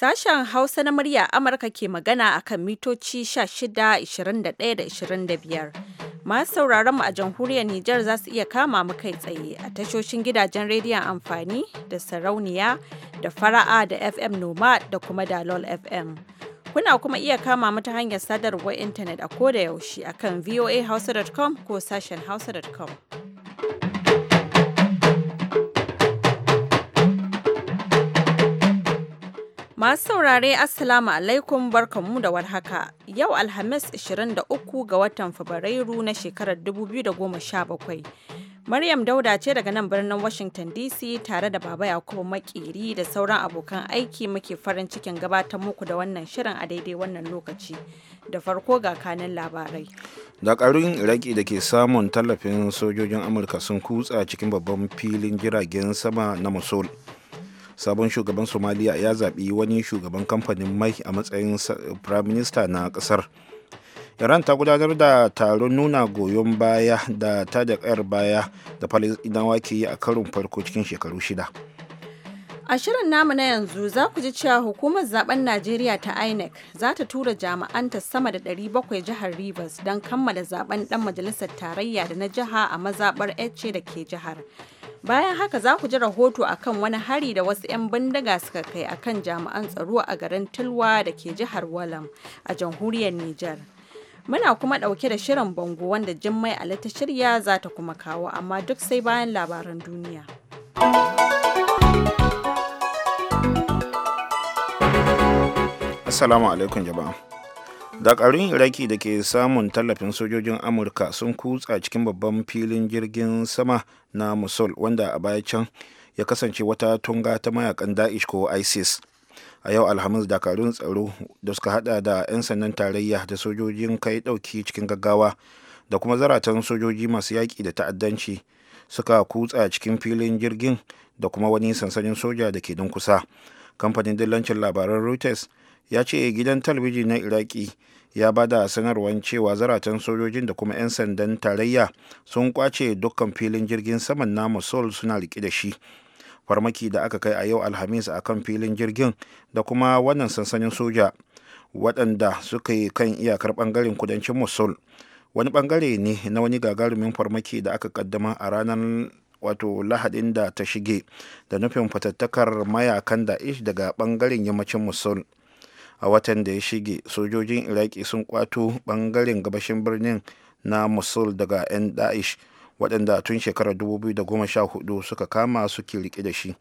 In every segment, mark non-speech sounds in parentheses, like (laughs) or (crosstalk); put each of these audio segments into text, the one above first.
Sashen Hausa na murya Amurka ke magana a kan mitoci 16, 21 da 25. Masu sauraron mu a jamhuriyar Nijar za su iya kama mu kai tsaye a tashoshin gidajen rediyon amfani da sarauniya da fara'a da FM Noma da kuma Dalol FM. Kuna kuma iya kama mu ta hanyar sadarwar intanet a koda yaushe a kan voahausa.com ko sashen hausa.com. Masu saurare Assalamu alaikum barkanmu da warhaka. Yau Alhamis 23 ga watan Fabrairu na shekarar 2017. Maryam Dauda ce daga nan birnin Washington DC tare da Baba Yakubu Makiri da sauran abokan aiki muke farin cikin gabatar muku da wannan shirin a daidai wannan lokaci. Da farko ga kanin labarai. Dakarun Iraki da ke samun tallafin sojojin Amurka sun kutsa cikin babban filin jiragen sama na Mosul. sabon shugaban somaliya ya zaɓi wani shugaban kamfanin mai a matsayin prime minister na ƙasar iran ta gudanar da taron nuna goyon baya da ta da kayar baya da falisdinawa ke yi a karin farko cikin shekaru shida a shirin namu na yanzu za ku ji cewa hukumar zaben najeriya ta inec za ta tura jami'anta sama da 700 jihar rivers don kammala zaben dan majalisar tarayya da na jiha a mazabar ece da ke jihar Bayan haka za ku ji rahoto a kan wani hari da wasu 'yan bindiga suka kai a kan jami'an tsaro a garin Tilwa da ke jihar Walam a jamhuriyar Nijar. Muna kuma ɗauke da shirin bango wanda Jummai Ali ta shirya za ta kuma kawo amma duk sai bayan labaran duniya. Assalamu alaikum jama'a. dakarun iraki da ke samun tallafin sojojin amurka sun kutsa cikin babban filin jirgin sama na musul wanda a baya can ya kasance wata tunga ta mayakan daesh ko isis a yau alhamis dakarun tsaro da suka hada da 'yan sannan tarayya da sojojin kai dauki cikin gaggawa da kuma zaratan sojoji masu yaƙi da ta'addanci suka kutsa cikin filin jirgin da kuma wani sansanin soja da ke kusa kamfanin dillancin labaran reuters ya ce gidan talabijin na iraki ya ba da sanarwar cewa zaratan sojojin da kuma 'yan sandan tarayya sun kwace dukkan filin jirgin saman na mosul suna riƙe da shi farmaki da aka kai a yau alhamis a kan filin jirgin da kuma wannan sansanin soja waɗanda suka yi kan iyakar ɓangaren kudancin mosul wani ɓangare ne na wani gagarumin farmaki da aka kaddama a ranar wato lahadin da ta shige da nufin fatattakar mayakan da ish daga ɓangaren yammacin mosul a watan da ya shige sojojin iraki sun kwato bangaren gabashin birnin na musul daga 'yan da'ish waɗanda tun shekarar 2014 suka kama suke rike da shi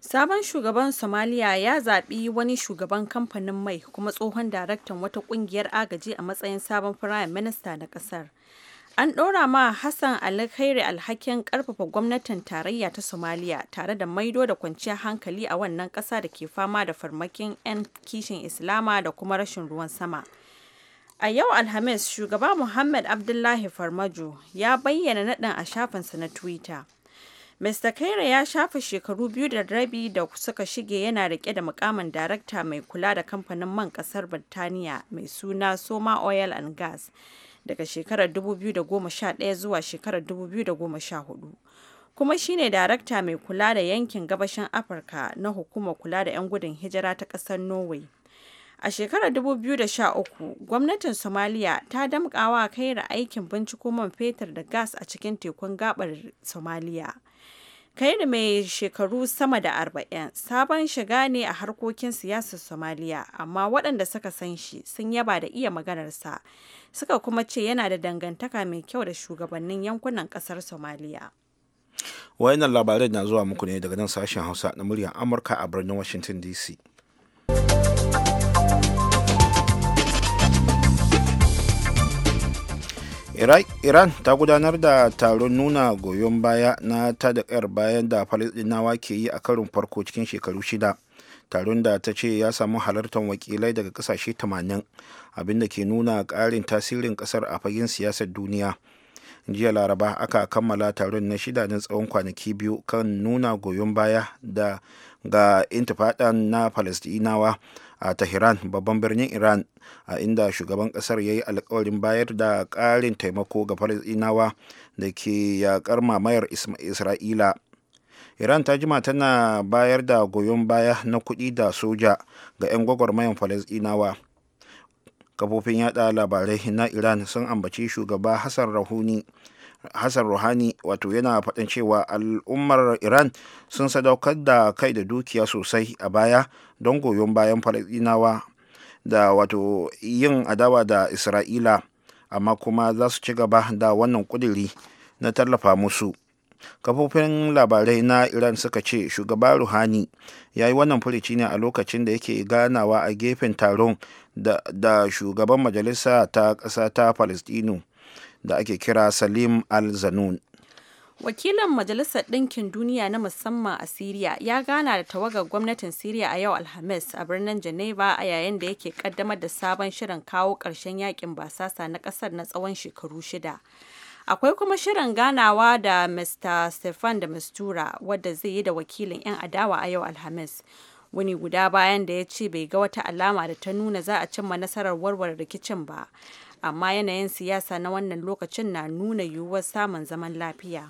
sabon shugaban somaliya ya zaɓi wani shugaban kamfanin mai kuma tsohon daraktan wata ƙungiyar agaji a matsayin sabon firayim minista na ƙasar. An ɗora ma Hassan Ali Khairi alhakin ƙarfafa gwamnatin tarayya ta Somalia tare da maido da kwanciyar hankali a wannan ƙasa da ke fama da farmakin 'yan kishin Islama da kuma rashin ruwan sama. A yau Alhamis, shugaba Muhammad Abdullahi Farmajo ya bayyana naɗin a shafinsa na Twitter. Mr. Kaira ya shafa shekaru biyu da rabi da suka shige yana rike da mukamin darakta mai kula da kamfanin man ƙasar Birtaniya mai suna Soma Oil and Gas. daga shekarar 2011 zuwa shekarar 2014 kuma shine darakta mai kula da yankin gabashin afirka na hukumar kula da 'yan gudun hijira ta kasar norway a shekarar 2013 gwamnatin somalia ta damƙawa kaira aikin binciko man fetur da gas a cikin tekun gabar somaliya kai da mai shekaru sama da arba'in sabon shiga ne a harkokin siyasar Somaliya, amma waɗanda suka san shi sun yaba da iya maganarsa, suka kuma ce yana da dangantaka mai kyau da shugabannin yankunan ƙasar Somaliya. Wayannan labarai na zuwa muku ne daga nan sashen Hausa na muryar Amurka a birnin Washington DC. iran ta gudanar da taron nuna goyon baya na tada kayar bayan da falasɗinawa ke yi a karin farko cikin shekaru shida taron da ta ce ya samu halartar wakilai daga kasashe 80 abinda ke nuna ƙarin tasirin ƙasar a fagen siyasar duniya jiya laraba aka kammala taron na shida na tsawon kwanaki biyu kan nuna goyon baya da ga intifadan na falasɗinawa a tehran babban birnin iran a inda shugaban kasar ya yi alkawarin bayar da ƙarin taimako ga falasɗinawa da ke yaƙar mamayar isra'ila iran ta jima tana bayar da goyon baya na kuɗi da soja ga 'yan gwagwarmayan falasɗinawa kafofin yada labarai na iran sun ambaci shugaba hassan rahuni hassan ruhani wato yana faɗin cewa al'ummar iran sun sadaukar da kai da dukiya sosai a baya don goyon bayan falasdinawa da wato yin adawa da isra'ila amma kuma za su ci gaba da wannan ƙudiri na tallafa musu kafofin labarai na iran suka ce shugaba ruhani ya yi wannan furici ne a lokacin da yake ganawa a gefen taron da, shugaban majalisa ta ƙasa ta palestino da ake kira salim al-zanun wakilin majalisar ɗinkin duniya na musamman a siriya ya gana da tawagar gwamnatin siriya a yau alhamis a birnin geneva a yayin da yake kaddamar da sabon shirin kawo ƙarshen yakin basasa na ƙasar na tsawon shekaru shida akwai kuma shirin ganawa da mr stefan da mistura wadda zai yi da wakilin 'yan adawa a yau alhamis wani guda bayan da ya ce bai ga wata alama da ta nuna za a cimma nasarar warware rikicin ba amma yanayin siyasa na wannan lokacin na nuna yiwuwar samun zaman lafiya.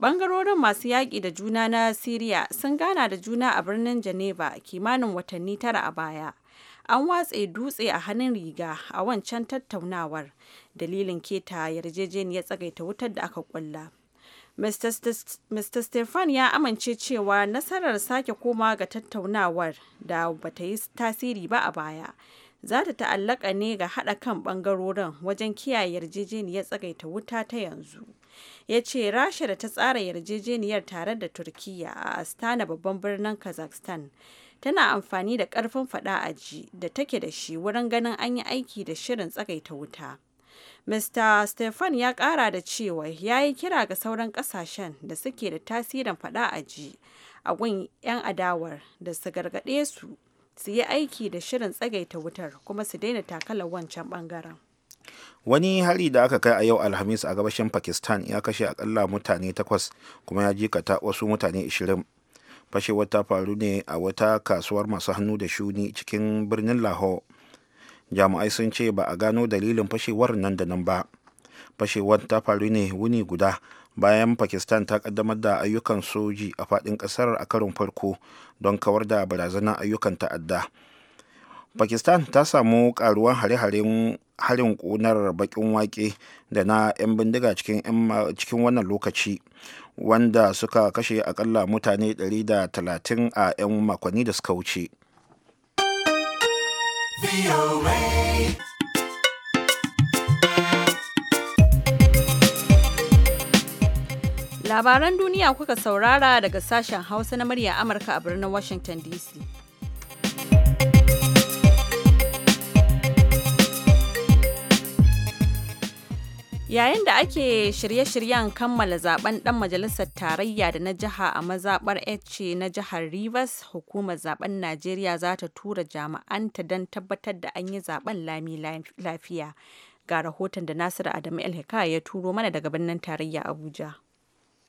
Bangarorin masu yaƙi da juna na Siriya sun gana da juna a birnin Geneva kimanin watanni tara a baya. An watse dutse a hannun riga a wancan tattaunawar dalilin keta yarjejeniyar tsagaita wutar da aka kulla. Mr. Stefan ya amince cewa nasarar sake koma ga tattaunawar da bata yi tasiri ba a baya za ta ta'allaka ne ga hada kan bangarorin wajen kiyaye yarjejeniyar tsagaita wuta ta yanzu. Ya ce Rasha da ta tsara yarjejeniyar tare da Turkiyya a Astana babban birnin Kazakhstan. Tana amfani da karfin fada a ji da take da shi wurin ganin an yi aiki da shirin tsagaita wuta. Mr. Stefan ya kara da cewa ya yi kira ga sauran kasashen da suke da tasirin fada a ji a gun 'yan adawar da su gargade su su yi aiki da shirin tsagaita wutar kuma su daina takalar wancan bangaren. Wani hari da aka kai a yau Alhamis a gabashin Pakistan ya kashe akalla mutane takwas kuma ya jikata wasu mutane ishirin Fashewar ta faru ne a wata kasuwar masu hannu da shuni cikin birnin Lahore. Jami'ai sun ce ba a gano dalilin fashewar nan da nan ba. fashewar ta faru ne wuni guda bayan pakistan ta kaddamar da ayyukan soji a fadin kasar a karin farko don kawar da barazanar ayyukan ta'adda pakistan ta samu karuwan hare-haren harin kunar bakin wake da na 'yan bindiga cikin wannan lokaci wanda suka kashe akalla mutane 130 a 'yan makonni da suka wuce. Labaran duniya kuka saurara daga sashen Hausa na murya Amurka a birnin Washington DC. Yayin da ake shirye-shiryen kammala zaben dan majalisar tarayya da na jiha a mazabar Ece na jihar Rivers, hukumar zaben Najeriya za ta tura jami'anta don tabbatar da an yi zaben lami lafiya. Ga rahoton da Nasiru Adamu El ya turo mana daga birnin tarayya Abuja.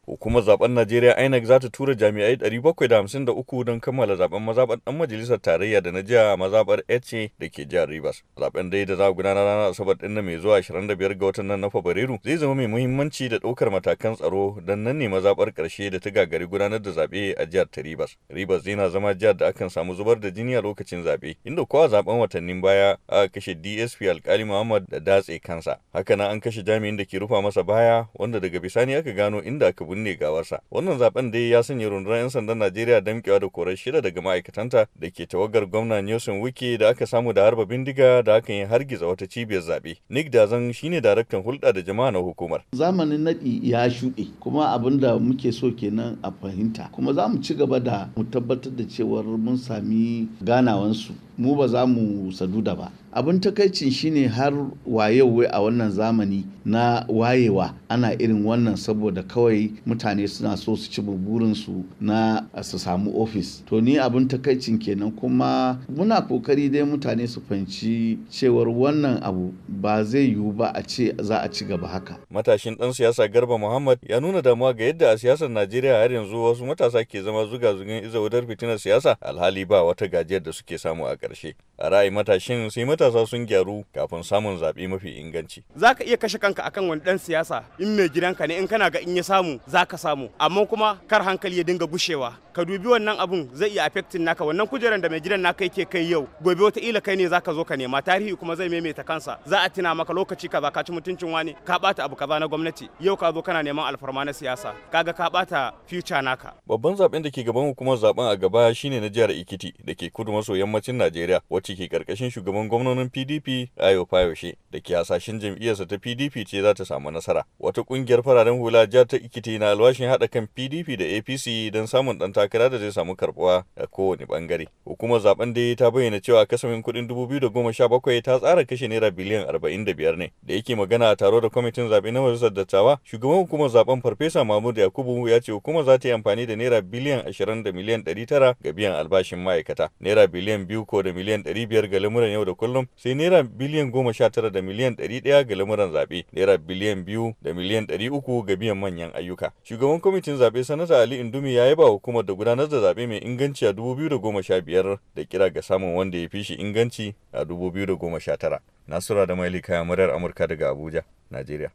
Hukumar zaben Najeriya INEC za ta tura jami'ai 753 don kammala zaben mazaɓar ɗan majalisar tarayya da na jiya mazaɓar Ece da ke jihar Rivers. Zaben dai da za a gudanar ranar Asabar ɗin mai zuwa 25 ga watan nan na Fabrairu zai zama mai muhimmanci da ɗaukar matakan tsaro don nan ne mazaɓar ƙarshe da ta gagari gudanar da zaɓe a jihar ta Rivers. Rivers zai na zama jihar da akan samu zubar da jini a lokacin zaɓe, inda kowa zaben watannin baya a kashe DSP Alkali Muhammad da datse kansa. Hakanan an kashe jami'in da ke rufa masa baya wanda daga bisani aka gano inda aka binne gawarsa wannan zaben dai ya sanya rundunar 'yan sandan najeriya damkewa da korar shida daga ma'aikatanta da ke tawagar gwamna nelson wike da aka samu da harba bindiga da hakan yi hargiza wata cibiyar zaɓe nick dazan shine daraktan hulɗa da jama'a na hukumar zamanin naɗi ya shuɗe kuma abin da muke so kenan a fahimta kuma za mu ci gaba da mu tabbatar da cewar mun sami ganawansu mu ba za mu saduda ba abin takaicin shine har wayewa a wannan zamani na wayewa ana irin wannan saboda kawai mutane suna so su ci burinsu na su samu ofis to ni abin takaicin kenan kuma muna kokari dai mutane su fahimci cewar wannan abu ba zai yiwu ba a ce za a ci gaba haka matashin dan siyasa garba muhammad ya nuna damuwa ga yadda a siyasar najeriya har yanzu wasu matasa ke zama zuga zugin izawudar fitinar siyasa alhali ba wata gajiyar da suke samu a ƙarshe. A ra'ayi matashin sai matasa sun gyaru kafin samun zaɓe mafi inganci. Za ka iya kashe kanka akan wani dan siyasa in mai gidanka ne in kana ga in ya samu za ka samu amma kuma kar hankali ya dinga gushewa. Ka dubi wannan abun zai iya affecting naka wannan kujeran da mai gidan naka yake kai yau gobe wata ila kai ne za ka zo ka nema tarihi kuma zai maimaita kansa za a tina maka lokaci kaza ka ci mutuncin wani ka bata abu kaza na gwamnati yau ka zo kana neman alfarma na siyasa kaga ka bata future naka. Babban zaben da ke gaban hukumar zaben a gaba shine na jihar ikiti da ke kudu maso yammacin Najeriya. Najeriya wacce ke karkashin shugaban gwamnonin PDP Ayo Fayoshe da ke hasashen jam'iyyarsa ta PDP ce za ta samu nasara. Wata kungiyar fararen hula ja ta Ikiti na alwashin haɗa kan PDP da APC don samun ɗan takara da zai samu karɓuwa a kowane ɓangare. Hukumar zaben dai ta bayyana cewa kasafin kuɗin 2017 ta tsara kashe naira biliyan 45 ne. Da yake magana a taro da kwamitin zaɓe na majalisar dattawa, shugaban hukumar zaben Farfesa Mahmud Yakubu ya ce hukumar za ta yi amfani da naira biliyan 20 da miliyan 900 ga biyan albashin ma'aikata. Naira biliyan biyu ko da miliyan 500 ga lamuran yau da kullum sai naira biliyan goma sha tara da miliyan ɗari 100 ga lamuran zaɓe naira biliyan biyu da miliyan ɗari uku ga biyan manyan ayyuka shugaban kwamitin zaɓe sanata ali indumi ya yaba hukumar da gudanar da zaɓe mai inganci a dubu 2015 da kira ga samun wanda ya fi shi inganci a 2019 nasura da kaya murar amurka daga abuja najeriya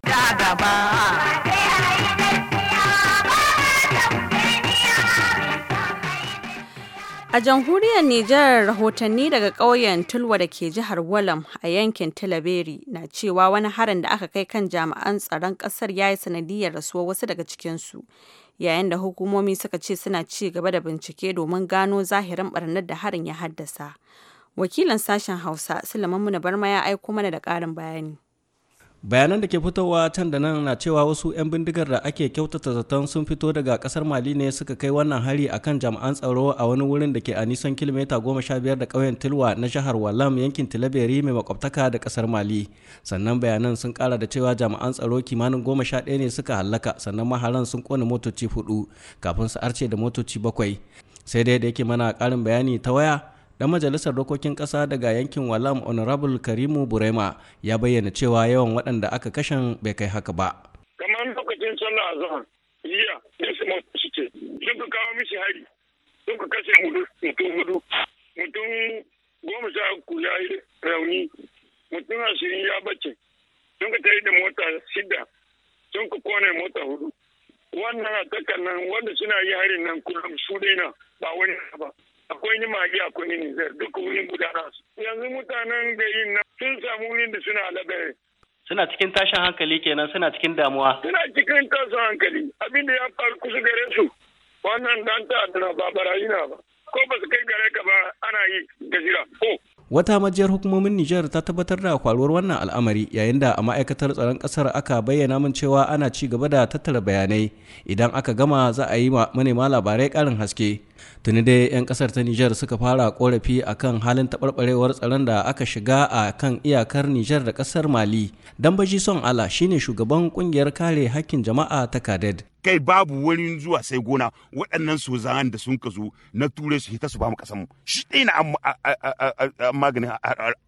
A jamhuriyar Nijar rahotanni daga ƙauyen Tulwa da ke jihar Walam a yankin Tilaberi na cewa wani harin da aka kai kan jami'an tsaron ƙasar ya yi sanadiyar rasuwar wasu daga cikinsu, yayin da hukumomi suka ce suna ci gaba da bincike domin gano zahirin barnar da harin ya haddasa. Wakilin sashen Hausa, Sulaiman Muna Barma ya aiko mana da ƙarin bayani. bayanan da ke fitowa can da nan na cewa wasu 'yan bindigar da ake kyautata zaton sun fito daga kasar mali ne suka kai wannan hari a kan jami'an tsaro a wani wurin da ke a nisan kilomita goma sha biyar da ƙauyen tilwa na jihar walam yankin tilaberi mai makwabtaka da kasar mali sannan bayanan sun kara da cewa jami'an tsaro kimanin goma sha ɗaya ne suka hallaka sannan maharan sun ƙone motoci hudu kafin su arce da motoci bakwai sai dai da yake mana ƙarin bayani ta waya dan majalisar dokokin ƙasa daga yankin walam honorable karimu burema ya bayyana cewa yawan waɗanda aka kashen bai kai haka ba kamar lokacin sallah zaman jiya da su masu ce sun ka kawo mishi hari sun ka kashe mutum hudu mutum goma sha uku ya yi rauni mutum ashirin ya bace sun ka tare da mota shida sun ka kone mota hudu wannan takan nan wanda suna yi harin nan kullum su daina ba wani ba akwai ni magi akwai ni nizar duk wurin gudana su yanzu mutanen garin nan sun samu wurin da suna alagare suna cikin tashin hankali kenan suna cikin damuwa suna cikin tashin hankali abin ya faru kusa gare su wannan dan ta ta'adda ba barayi na ba ko ba su kai gare ka ba ana yi gajira ko wata majiyar hukumomin Nijar ta tabbatar da kwaruwar wannan al'amari yayin da a ma'aikatar tsaron kasar aka bayyana min cewa ana ci gaba da tattara bayanai idan aka gama za a yi manema labarai ƙarin haske tuni dai 'yan kasar ta nijar suka fara korafi a kan halin taɓarɓarewar tsaron da aka shiga a kan iyakar nijar da kasar mali dambaji son allah shine shugaban kungiyar kare hakkin jama'a ta kaded kai babu wani zuwa sai gona waɗannan sojan da sun kazo na ture su hita su ba mu kasanmu shi ɗaya na maganin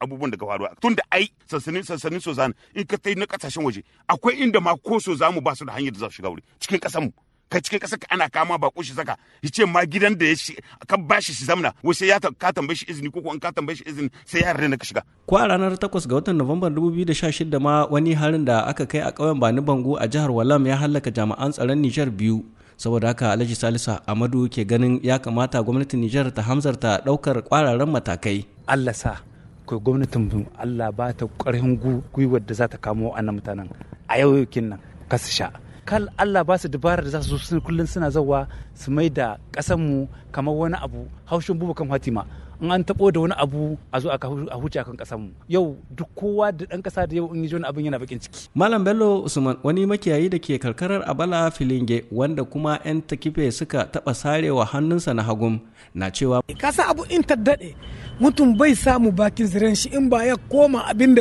abubuwan da faruwa tun da ai sansanin sansanin sojan in ka tai na ƙasashen waje akwai inda ma ko su ba su da hanyar da za su shiga wuri cikin kasanmu ka cikin ƙasar ka ana kama ba shi saka ya ce ma gidan da ya shi ka ba shi shi zamna wai sai ya ka tambaye shi izini ko ko ka tambaye shi izini sai ya rena ka shiga ko a ranar 8 ga watan Nuwamban 2016 ma wani harin da aka kai a ƙauyen Bani Bango a jihar Walam ya hallaka jami'an tsaron Nijar biyu saboda haka Alhaji Salisa Amadu ke ganin ya kamata gwamnatin Nijar ta hamzarta ɗaukar kwararan matakai Allah sa ko gwamnatin mu Allah ba ta ƙarfin gwiwar da za ta kamo annan mutanen a yau yakin nan kasu sha kal Allah ba su dabarar da za su zo kullum suna zawa su mai da mu kamar wani abu haushin bubu kan Fatima in an tabo da wani abu a zo a huce akan mu yau duk kowa da ɗan kasa da yau in yi wani abin yana bakin ciki Malam Bello Usman wani makiyayi da ke karkarar Abala Filinge wanda kuma yan takife suka taɓa sarewa hannunsa na hagun, na cewa kasa abu in ta daɗe mutum bai samu bakin ziren shi in ba ya koma abin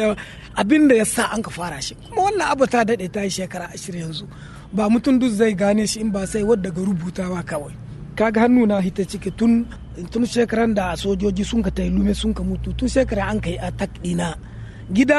da ya sa an ka fara shi kuma wannan abu ta daɗe ta yi shekara ashirin yanzu ba mutum duk zai gane shi in ba sai wadda ga rubutawa kawai kaga hannu na hita ciki tun shekaran da sojoji sun ka lume sun ka mutu tun shekara an kai attack dina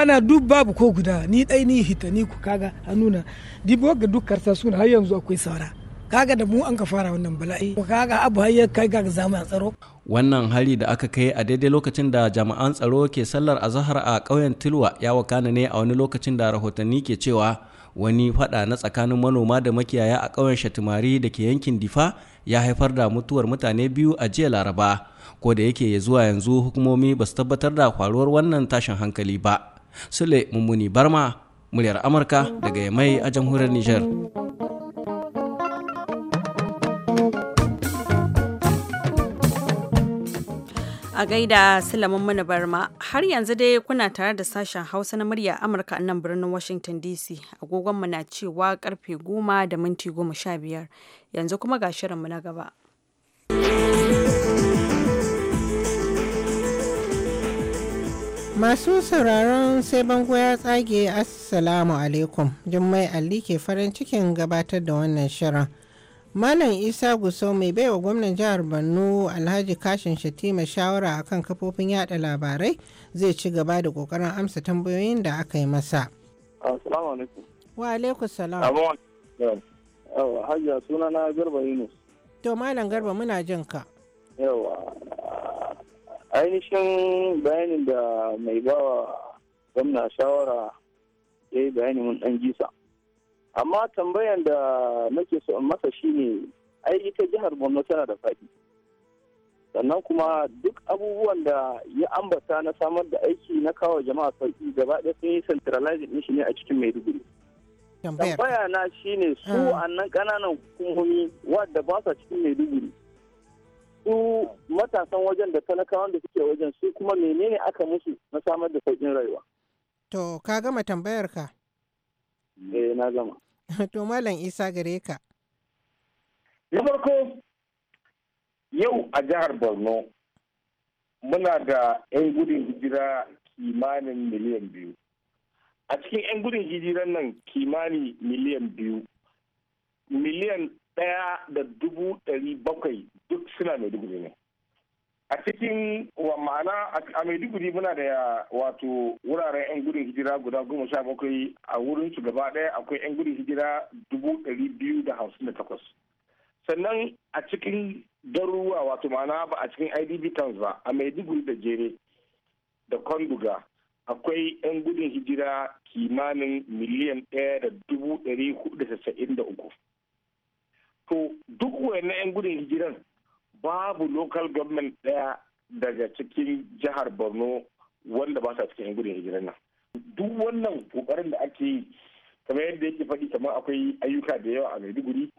na duk babu ko guda ni dai ni hita ni ku kaga na dibo ga duk karsa suna har yanzu akwai saura kaga da mu an ka fara wannan bala'i kaga abu har ya kai ga zamanin tsaro wannan hari da aka kai a daidai lokacin da jami'an tsaro ke sallar azahar a ƙauyen tilwa ya wakana ne a wani lokacin da rahotanni ke cewa wani fada na tsakanin manoma da makiyaya a ƙauyen shatimari da ke yankin difa ya haifar da mutuwar mutane biyu a jiya laraba ko da yake ya zuwa yanzu hukumomi ba su tabbatar da faruwar wannan tashin hankali ba sule mummuni barma muryar amurka daga yamai a jamhuriyar niger A gaida Sulaiman mana barma har yanzu dai kuna tare da sashen Hausa na murya Amurka nan birnin Washington DC. Agogonmu na cewa karfe goma da minti goma sha biyar. Yanzu kuma ga shirinmu na gaba. Masu sauraron sai bango ya tsage Assalamu alaikum. Jummai alli ke farin cikin gabatar da wannan shirin. Malam Isa Gusau mai baiwa gwamnan jihar Borno Alhaji Kashin Shatima shawara akan kafofin yada labarai zai ci gaba da kokarin amsa tambayoyin da aka yi masa. Wa alaikum salam. suna na Garba Yunus. To Malam Garba muna jin ka. Yawa. Ainihin bayanin da mai bawa gwamna shawara ya yi bayani mun dan gisa. amma tambayan da nake so in masa shine ai ita jihar borno tana da faɗi sannan kuma duk abubuwan da ya ambata na samar da aiki na kawo jama'a sauki gaba ɗaya sun yi centralizing shi ne a cikin maiduguri tambaya na shine su ah. annan ƙananan hukumomi wadda ba sa cikin maiduguri su matasan wajen da talakawan da suke wajen su kuma menene aka musu na samar da sauƙin rayuwa to ka gama tambayar ka eh na gama (laughs) to Malam Isa gare ka. Na farko yau a jihar Borno muna da 'yan gudun hijira kimanin miliyan biyu. A cikin 'yan gudun hijiran nan kimani miliyan biyu, miliyan ɗaya da dubu dari bakwai duk suna mai dubu ne. a cikin wa ma'ana a maiduguri muna da wato wuraren yan gudun hijira guda goma sha bakwai a wurin su gaba ɗaya akwai yan gudun hijira dubu ɗari biyu da hamsin da takwas sannan a cikin garuruwa wato ma'ana ba a cikin idb towns ba a maiduguri da jere da kwanduga akwai yan gudun hijira kimanin miliyan ɗaya da dubu ɗari hudu da da uku to duk wayannan yan gudun hijiran babu local government daya daga cikin jihar borno wanda ba sa cikin gudun hijirar nan duk wannan kokarin da ake yi kamar yadda yake faɗi kamar akwai ayyuka da yawa a maiduguri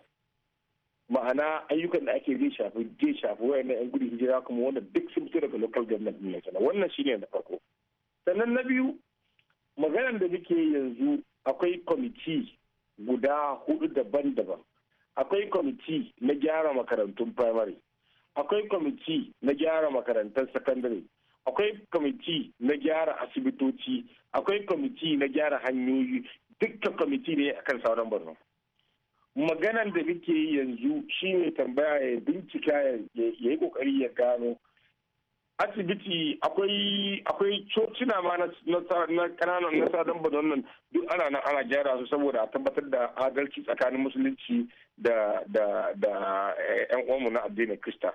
ma'ana ayyukan da ake zai shafi zai shafi na yan gudun hijira kuma wanda duk sun fito daga local government din kenan wannan shine na farko sannan na biyu maganar da muke yanzu akwai kwamiti guda hudu daban-daban akwai kwamiti na gyara makarantun primary akwai kwamiti na gyara makarantar sakandare akwai kwamiti na gyara asibitoci akwai kwamiti na gyara hanyoyi dukka kwamiti ne akan sauran borno maganan da muke yi yanzu shine tambaya ya bincika ya yi kokari ya gano asibiti akwai akwai cocina ma na kananan na sadan duk ana nan ana gyara su saboda a tabbatar da adalci tsakanin musulunci da da da yan eh, uwanmu na addinin krista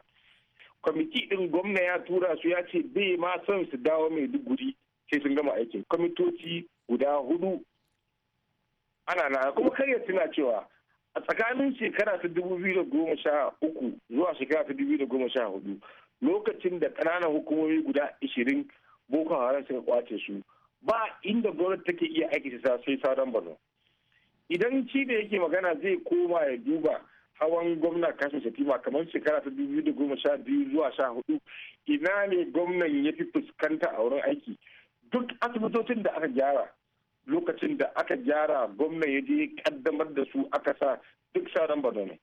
kwamiti din gwamna ya tura su ya ce bai ma son su dawo mai duguri sai sun gama aikin kwamitoci guda hudu ana na kuma karya suna cewa a tsakanin shekara ta dubu biyu da goma sha uku zuwa shekara ta dubu biyu da goma sha hudu lokacin da kananan hukumomi guda ashirin boko haram suka kwace su ba inda gwamnati take iya aiki ta sai sauran borno idan shi da yake magana zai koma ya duba hawan gwamna kasim shatima kamar shekara ta dubu da goma sha biyu zuwa sha hudu ina ne gwamnan ya fi fuskanta a wurin aiki duk asibitocin da aka gyara lokacin da aka gyara gwamnan ya je kaddamar da su aka sa duk sauran borno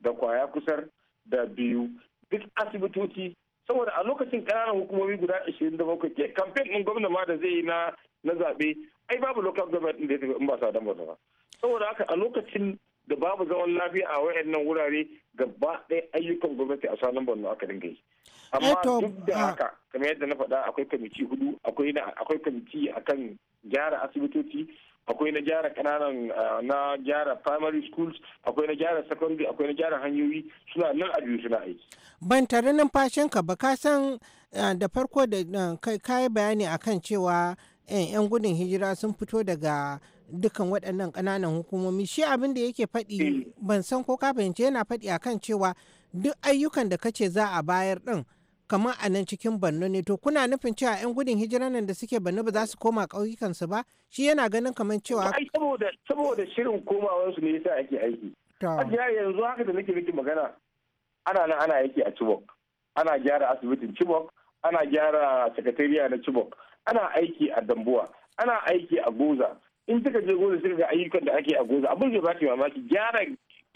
da kwaya kusar da biyu duk asibitoci saboda a lokacin ƙananan hukumomi guda 27 ke kamfen ɗin gwamna ma da zai yi na na zaɓe ai babu local government da ya in ba sa dan ba saboda haka a lokacin da babu zaman lafiya a wayannan wurare gaba ɗaya ayyukan gwamnati a sanan borno aka dinga yi eh, amma duk da haka kamar yadda na faɗa akwai kamici hudu akwai akwai akan gyara asibitoci akwai na gyara kananan eh, na gyara primary schools akwai na gyara secondary akwai na gyara hanyoyi suna nan a biyu suna aiki ban tare ka ba ka san eh, da farko da eh, kai bayani akan cewa 'yan gudun hijira sun fito daga dukkan waɗannan ƙananan hukumomi shi abin da yake faɗi ban san ko ka fahimci yana faɗi akan cewa duk ayyukan da kace za a bayar ɗin kamar a nan cikin Borno ne to kuna nufin cewa 'yan gudun hijira nan da suke Borno ba za su koma ƙauyukansu ba shi yana ganin kamar cewa ai saboda saboda shirin komawarsu ne yasa ake aiki ajiya yanzu haka da nake miki magana ana nan ana aiki a Chibok ana gyara asibitin Chibok ana gyara sakatariya na Chibok ana aiki a Dambuwa ana aiki a Goza in kika je Goza sai ga ayyukan da ake a Goza abin da ba ki mamaki gyara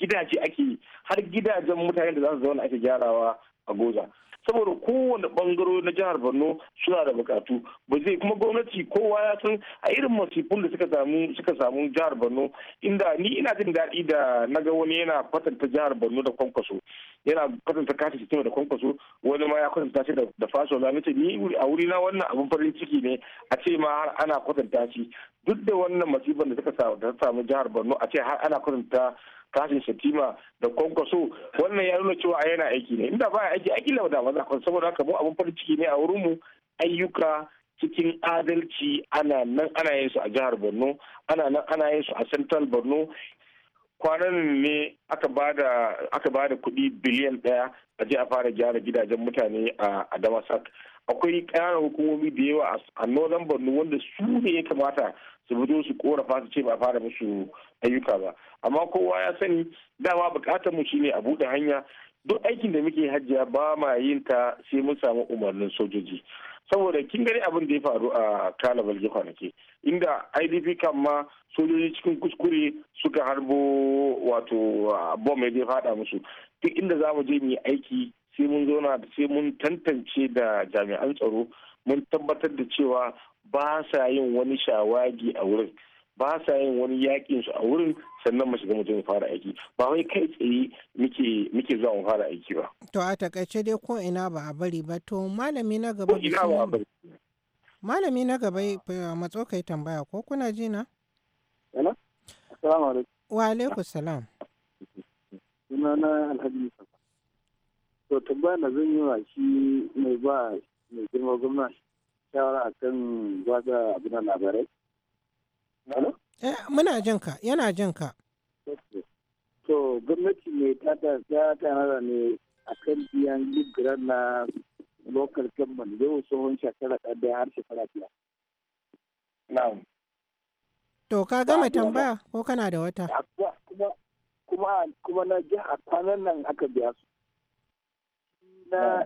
gidaje ake har gidajen mutanen da za su zauna ake gyarawa a Goza saboda kowane bangaro na jihar borno suna da bukatu ba zai kuma gwamnati kowa ya san a irin masifun da suka samu suka samu jihar borno inda ni ina jin daɗi da naga wani yana kwatanta jihar borno da kwankwaso yana kwatanta kati sistema da kwankwaso wani ma ya kwatanta shi da faso na nace ni a wuri na wannan abin farin ciki ne a ce ma har ana kwatanta shi duk da wannan masifan da suka samu jihar borno a ce har ana kwatanta kafin shatima da kwankwaso wannan ya nuna cewa yana aiki ne inda ba aiki aiki lauda ba za saboda haka mu abin farin ciki ne a wurin mu ayyuka cikin adalci ana nan ana yin su a jihar borno ana nan ana yin su a central borno kwanan ne aka bada aka bada kuɗi biliyan ɗaya a je a fara gyara gidajen mutane a adamasak akwai ƙananan hukumomi da yawa a northern borno wanda su ne ya kamata su fito su korafa su ce ba fara musu ayyuka ba amma kowa ya sani dama bukatar mu shine a bude hanya duk aikin da muke hajjiya ba ma yin ta sai mun samu umarnin sojoji saboda kin gani abin da ya faru a kala balge kwanaki inda idp kan ma sojoji cikin kuskure suka harbo wato bom ya fada musu duk inda za mu je mu yi aiki sai mun zauna sai mun tantance da jami'an tsaro mun tabbatar da cewa ba sa yin wani shawagi a wurin ba sa yin wani yakin su a wurin sannan mu shiga mutum fara aiki ba wai kai tsaye muke muke zuwa mu fara aiki ba to a takaice dai ko ina ba a bari ba to malami na gaba ko ina ba a bari malami na gaba eh, matso kai tambaya ko kuna ji na ana assalamu alaikum wa alaikum salam sunana alhaji to tambaya na zan yi wa shi mai ba mai girma gwamnati shawara akan ba da abin labarai Eh, muna jin ka yana jin ka to gwamnati ne ta ta tanada ne a kan biyan libra na local government yau tsohon shekara ɗaya har shekara biyar na'am to ka gama tambaya ko kana da wata kuma kuma na ji a kwanan nan aka biya su na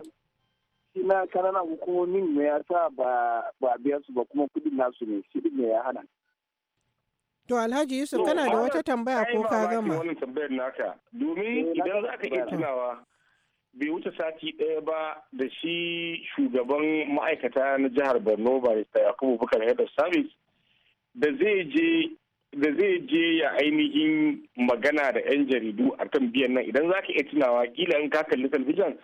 shi na kananan hukumomin me ya ba ba biya su ba kuma kudin nasu ne shi ne ya hana To Alhaji Yusuf kana da wata tambaya ko ka gama? Ai tambayar naka. Domin eh, idan za ka iya tunawa bai wuce sati ɗaya ba da shi shugaban ma'aikata na jihar Borno da Yakubu Bukar Head of Service da zai je da zai je ya ainihin magana da 'yan jaridu a kan biyan nan idan za ka iya tunawa kila in ka kalli talabijin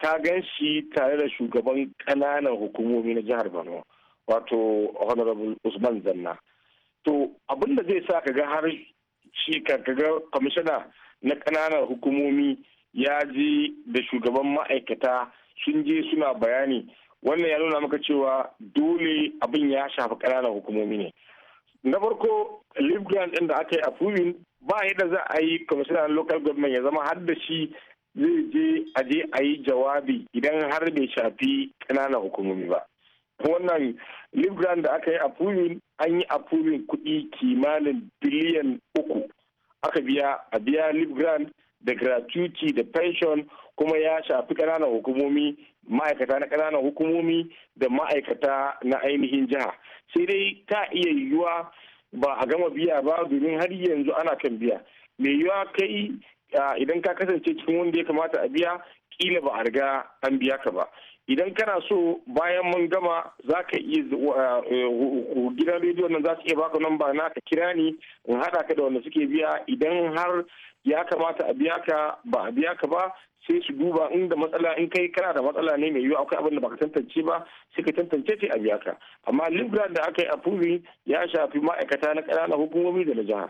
ka gan shi tare da shugaban ƙananan hukumomi na jihar Borno wato Honorable Usman Zanna. to abin da zai sa kaga har shi kaga kwamishina na kananan hukumomi ya je da shugaban ma'aikata sun je suna bayani wannan ya nuna maka cewa dole abin ya shafi kananan hukumomi ne na farko leave grant ɗin da aka yi a approving ba yadda za a yi na local government ya zama har da shi zai je a je a yi jawabi idan har bai shafi kananan hukumomi ba wannan libran da aka yi approving an yi approving kuɗi kimanin biliyan uku aka biya a biya libran da gratuity da pension kuma ya shafi kananan hukumomi ma'aikata na ƙananan hukumomi da ma'aikata na ainihin jiha sai dai ta iya yiwuwa ba a gama biya ba domin har yanzu ana kan biya mai yiwuwa kai idan ka kasance cikin wanda ya kamata a biya kila ba a riga an biya ka ba idan kana so bayan mun gama za ka iya eh, gidan rediyo nan za su iya baka namba na ka kira ni in haɗa ka da wanda suke biya idan har ya kamata a biya ka ba a biya ka ba sai su duba inda matsala in kai kana da matsala ne mai yiwu akwai abin da baka tantance ba sai ka tantance sai a biya ka amma libra da aka yi a approving ya shafi ma'aikata na ƙananan hukumomi da na jiha.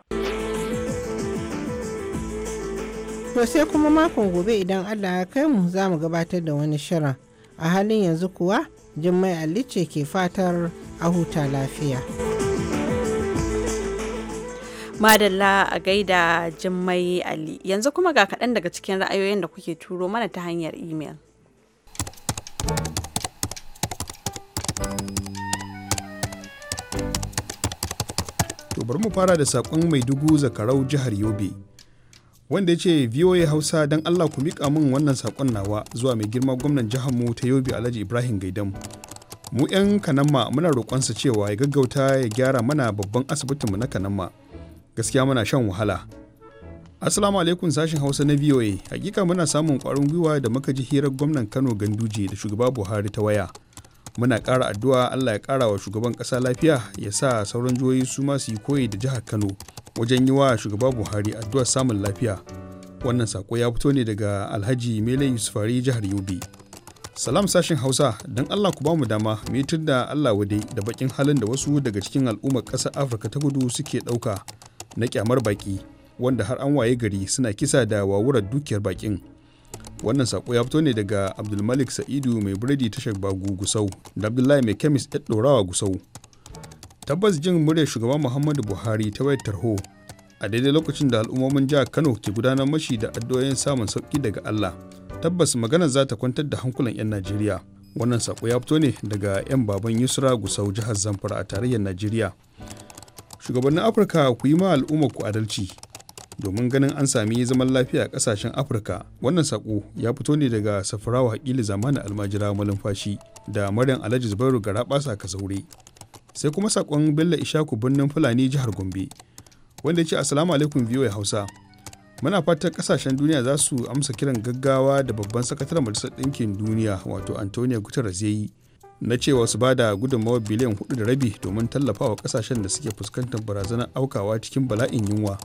to sai kuma makon gobe idan allah ya kai mu za mu gabatar da wani shirin a halin yanzu kuwa jimmai alli ce ke fatar a huta lafiya madalla a gaida jimmai ali yanzu kuma ga kaɗan daga cikin ra'ayoyin da kuke turo mana ta hanyar imel to bari mu fara da saƙon mai dubu zakarau jihar yobe wanda ya ce VOA Hausa don Allah ku miƙa min wannan saƙon nawa zuwa mai girma gwamnan jihar mu ta Yobe Alhaji Ibrahim Gaidam. Mu 'yan Kanamma muna roƙonsa cewa ya gaggauta ya gyara mana babban asibitinmu na Kanamma. Gaskiya muna shan wahala. Assalamu alaikum sashen Hausa na VOA. Hakika muna samun ƙwarin gwiwa da muka ji hirar gwamnan Kano Ganduje da shugaba Buhari ta waya. Muna ƙara addu'a Allah ya ƙara wa shugaban ƙasa lafiya ya sa sauran jihohi su ma su yi koyi da jihar Kano wajen yi wa shugaba buhari addu'a samun lafiya wannan sako ya fito ne daga alhaji mele yusufari jihar yobe salam sashen hausa don allah ku bamu dama mitin da allah wade da bakin halin da wasu daga cikin al'ummar ƙasar afirka ta kudu suke dauka na kyamar baki wanda har an waye gari suna kisa da wawurar dukiyar bakin wannan sako ya fito ne daga abdulmalik sa'idu mai biredi tashar bagu gusau da abdullahi mai kemis ɗorawa gusau tabbas jin muryar shugaban muhammadu buhari ta wayar tarho a daidai lokacin da al'ummomin jihar kano ke gudanar mashi da addu'o'in samun sauki daga allah tabbas magana za ta kwantar da hankulan 'yan najeriya wannan sako ya fito ne daga 'yan baban yusra gusau jihar zamfara a tarayyar najeriya shugabannin afirka ku yi ma al'ummar ku adalci domin ganin an sami zaman lafiya a kasashen afirka wannan sako ya fito ne daga safarawa hakili zamanin almajira malumfashi da maryam alhaji zubairu ka saure sai kuma sakon bello ishaku birnin fulani jihar gombe wanda ya ce assalamu alaikum ya hausa muna fatan kasashen duniya za su amsa kiran gaggawa da babban sakataren majalisar ɗinkin duniya wato antonio guterres ya yi na cewa su ba da gudunmawar biliyan hudu da rabi domin tallafawa kasashen da suke fuskantar barazanar aukawa cikin bala'in yunwa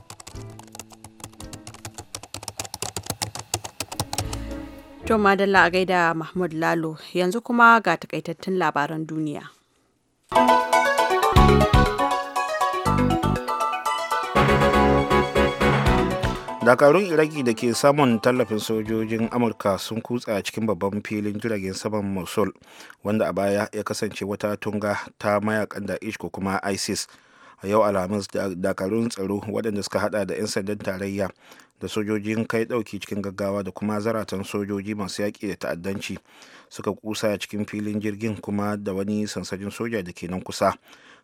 To Madalla a gaida Mahmud Lalo yanzu kuma ga takaitattun labaran duniya. dakarun iraki da ke samun tallafin sojojin amurka sun kutsa cikin babban filin jiragen saman mosul wanda a baya ya kasance wata tunga ta mayakan da'ish ko kuma isis a yau alhamis dakarun tsaro waɗanda suka hada da 'yan sandan tarayya da sojojin kai ɗauki cikin gaggawa da kuma zaratan sojoji masu yaƙi da ta'addanci suka kusa cikin filin jirgin kuma da wani sansanin soja da ke nan kusa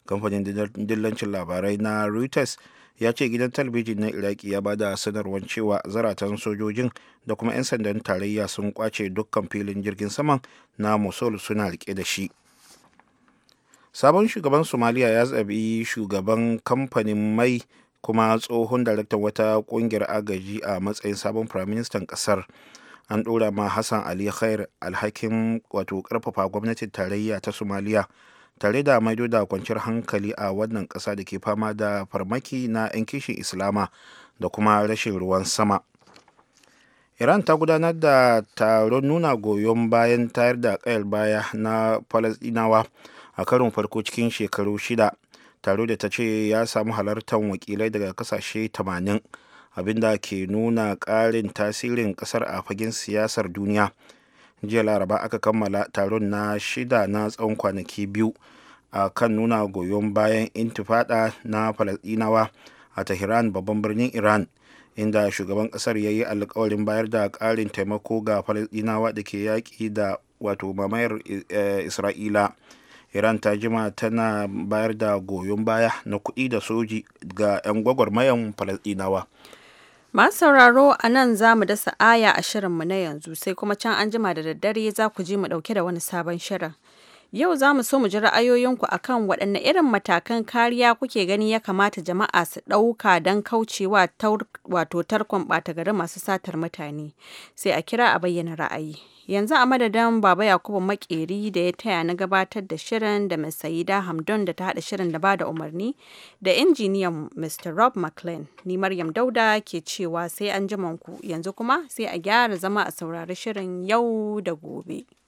kamfanin dillancin labarai na reuters ya ce gidan talabijin na iraki ya bada sanarwar cewa zaratan sojojin da kuma 'yan sandan tarayya sun kwace dukkan filin jirgin saman na mosul suna rike da shi sabon shugaban somaliya ya zabi shugaban kamfanin mai kuma tsohon daraktan wata kungiyar agaji a matsayin sabon firaministan kasar an ɗora ma hassan ali khair alhakin wato ƙarfafa gwamnatin tarayya ta somaliya tare da maido da kwanciyar hankali a wannan ƙasa da ke fama da farmaki na 'yan kishin islama da kuma rashin ruwan sama iran ta gudanar da taron nuna goyon bayan tayar da kayar baya na falasdinawa a karin farko cikin shekaru shida taro da ta ce ya samu halartar wakilai daga kasashe 80 abinda ke nuna ƙarin tasirin ƙasar a fagen siyasar duniya jiya laraba aka kammala taron na shida na tsawon kwanaki biyu a kan nuna goyon bayan intifada na falasdinawa a tehran babban birnin iran inda shugaban kasar ya yi alkawarin bayar da karin taimako ga falasdinawa da ke yaƙi da wato mamayar eh, isra'ila iran ta jima tana bayar da goyon baya na kuɗi da soji ga 'yan gwagwarmayan falasdinawa Masu sauraro a nan za mu dasa aya a shirinmu na yanzu sai kuma can anjima da daddare za ku ji mu ɗauke da wani sabon shirin. Yau za mu so mu ji ra'ayoyinku a kan waɗanne irin matakan kariya kuke gani ya kamata jama'a su ɗauka don kaucewa wato tarkon ɓata gari masu satar mutane. Sai a kira a bayyana ra'ayi. Yanzu a madadin Baba Yakubu Makeri da ya taya na gabatar da shirin da Ms. Saida Hamdon da ta haɗa shirin da ba da umarni da injiniyan Mr. Rob McLean. Ni Maryam Dauda ke cewa sai an ku yanzu kuma sai a gyara zama a saurari shirin yau da gobe.